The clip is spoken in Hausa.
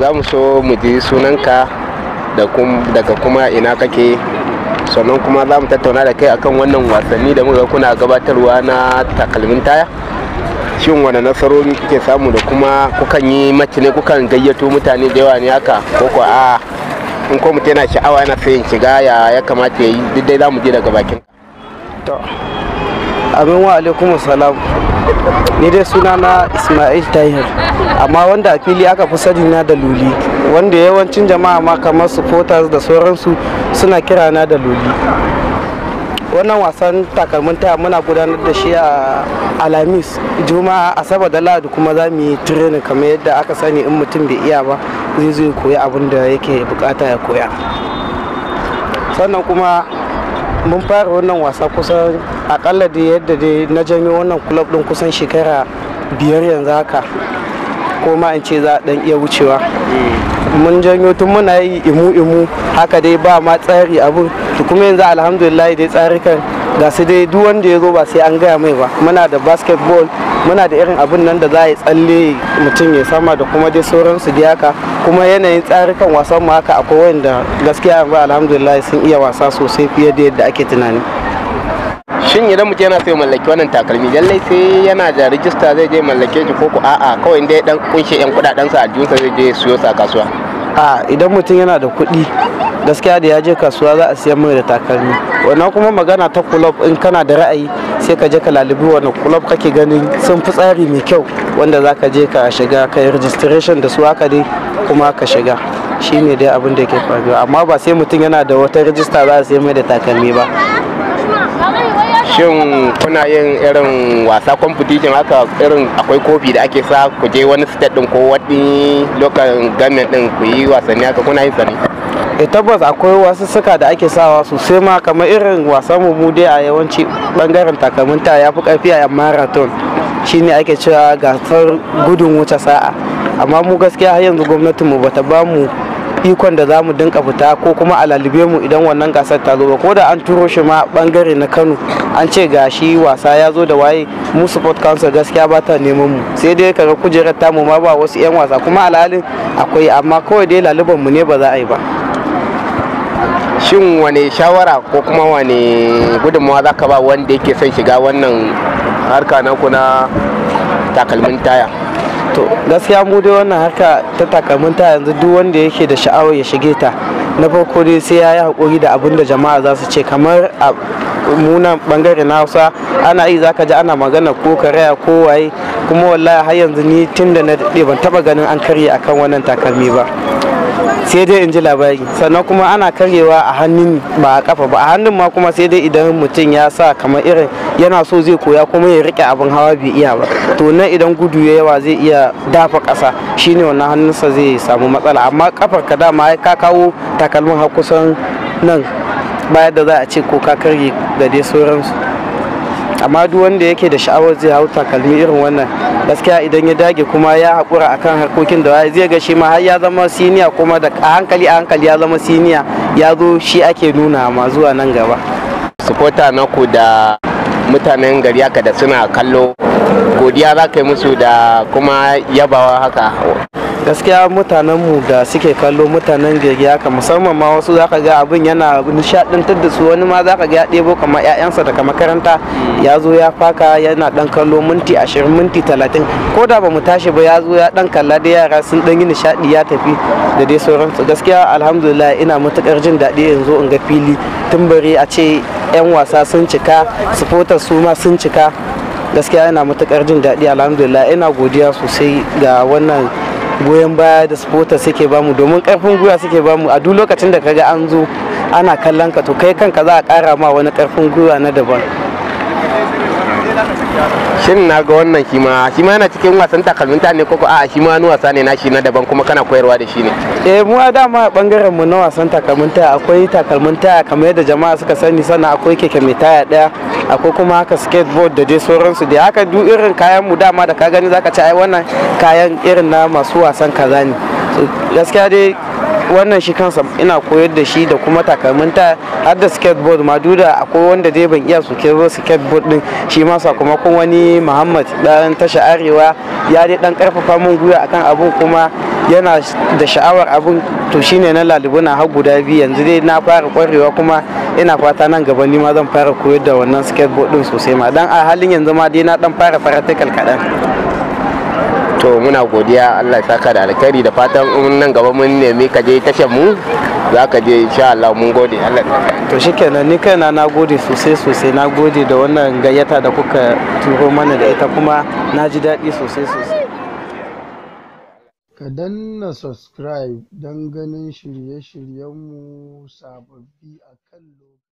za mu so mu ji sunanka daga kuma ina kake sannan kuma za mu tattauna da kai akan wannan wasanni da muka kuna gabatarwa na takalmin taya shin wani nasarori kuke samu da kuma kukan yi mace ne kukan gayyato mutane da yawa ne haka ko ko a in ko mutum yana sha'awa yana sayin shiga ya ya kamata ya yi duk dai za mu je daga bakin to amin wa alaikum salam ni dai suna na ismail tahir amma wanda a fili aka fi sani na da luli wanda yawancin jama'a ma kamar supporters da sauransu suna kira na da luli wannan wasan takalmin taya muna gudanar da shi a alamis juma'a asabar da lahadi kuma za mu yi training kamar yadda aka sani in mutum bai iya ba zai zo koya abin da yake bukata ya koya sannan kuma mun fara wannan wasa kusan akalla da yadda dai na janyo wannan kulob din kusan shekara biyar yanzu haka ko ma in ce za a dan iya wucewa mun janyo tun muna yi imu imu haka dai ba ma tsari abun to kuma yanzu alhamdulillah dai tsarikan ga su dai duk wanda ya zo ba sai an gaya mai ba muna da basketball muna da irin abun nan da za a tsalle mutum ya sama da kuma dai sauransu da haka kuma yanayin tsarikan wasan mu haka akwai wanda gaskiya ba alhamdulillah sun iya wasa sosai fiye da yadda ake tunani shin idan mutum yana sai ya mallaki wannan takalmi lallai sai yana da rijista zai je mallake shi ko a'a kawai dai ya dan kunshe yan kudaden sa aljihunsa zai je suyo sa kasuwa a idan mutum yana da kuɗi gaskiya da ya je kasuwa za a siyan mai da takalmi wannan kuma magana ta kulob in kana da ra'ayi sai ka je ka lalibi wannan kulob kake ganin sun fi tsari mai kyau wanda za ka je ka shiga ka yi registration da su haka dai kuma ka shiga shine dai abin da yake faruwa amma ba sai mutum yana da wata rijista za a siyan mai da takalmi ba shin kuna yin irin wasa competition haka irin akwai kofi da ake sa ku je wani state din ko wani local government din ku yi wasanni haka kuna yin sani e eh, tabbas akwai wasu suka da ake sawa sosai ma kamar irin wasan mu dai a yawanci bangaren takaminta ya fi karfi a marathon shine ake cewa gasar gudun wuce sa'a amma mu gaskiya har yanzu mu bata ba mu ikon da za mu dinka fita ko kuma a lalube mu idan wannan gasar ta zo ba ko da an turo shi ma bangare na kano an ce ga shi wasa ya zo da waye mu support council gaskiya ba ta neman mu sai dai kaga kujerar tamu ma ba wasu 'yan wasa kuma alhalin akwai amma kawai dai laluban mu ne ba za a yi ba shin wane shawara ko kuma wane gudunmawa za ka ba wanda yake son shiga wannan harka na takalmin taya to gaskiya mu dai wannan harka ta takalminta yanzu duk wanda yake da sha'awar ya shige ta na farko dai sai ya yi haƙuri da abin da jama'a za su ce kamar a munan bangare na hausa ana yi zaka ji ana magana ko karaya ko waye kuma wallahi har yanzu ni tun da na daɗe ban taɓa ganin an karye akan wannan takalmi ba sai dai in ji labari sannan kuma ana karyewa a hannun ba a kafa ba a hannun ma kuma sai dai idan mutum ya sa kamar irin yana so zai koya kuma ya rike abin hawa bai iya ba to nan idan gudu ya yawa zai iya dafa kasa shine wannan sa zai samu matsala amma kafar ka dama ka kawo takalmin har kusan nan bayan da za a ce ko ka karye da dai sauransu amma duk wanda yake da sha'awar zai hau takalmi irin wannan gaskiya idan ya dage kuma ya haƙura akan harkokin da zai ga shi ma har ya zama siniya kuma da a hankali a hankali ya zama siniya ya zo shi ake nuna ma zuwa nan gaba sufota na ku da mutanen gari haka da suna kallo godiya za ka yi musu da kuma yabawa haka gaskiya mu da suke kallo mutanen gege haka musamman ma wasu zaka ga abin yana nishadantar da su wani ma zaka ga ya ɗebo kamar ƴaƴansa daga makaranta hmm. ya zo ya faka yana dan kallo minti ashirin minti talatin ko da mu tashi ba ya zo ya dan kalla da yara sun dan yi nishadi ya tafi da dai sauransu gaskiya alhamdulillah ina matukar jin daɗi yanzu in ga fili tun bari a ce 'yan wasa sun cika supporters su ma sun cika gaskiya ina matukar jin daɗi alhamdulillah ina godiya sosai ga wannan goyon baya da supporters suke bamu domin karfin gwiwa suke bamu a duk lokacin da kaga an zo ana kallon ka to kai kanka za a kara ma wani karfin gwiwa na daban shin na ga wannan shi ma shi ma yana cikin wasan takalminta ne koko a'a shi ma wani wasa ne na shi na daban kuma kana koyarwa da shi ne eh mu a dama bangaren mu na wasan takalminta akwai takalminta kamar yadda jama'a suka sani sannan akwai keke mai taya daya akwai kuma haka skateboard da dai sauransu da haka duk irin kayan mu dama da ka gani zaka ci ai wannan kayan irin na masu wasan kaza ne gaskiya dai wannan shi kansa ina koyar da shi da kuma takalminta har da skateboard ma duda akwai wanda dai ban iya soke ba skateboard din shi ma sakamakon wani muhammad dan tasha arewa ya dai dan karfafa min gwiwa akan abu kuma yana da sha'awar abun to shine na lalibuna har guda biyu yanzu dai na fara kwarewa kuma ina fata nan gaba ni ma zan fara koyar da wannan skateboard din sosai ma dan a halin yanzu ma dai na dan fara fara kaɗan. to muna godiya Allah ya saka da alkhairi da fatan in nan gaba mun nemi ka je tashar mu za ka je insha Allah mun gode Allah to shikenan ni kaina na gode sosai sosai na gode da wannan gayyata da kuka turo mana da ita kuma na ji daɗi sosai sosai ka danna subscribe don ganin shirye-shiryenmu sababbi a kan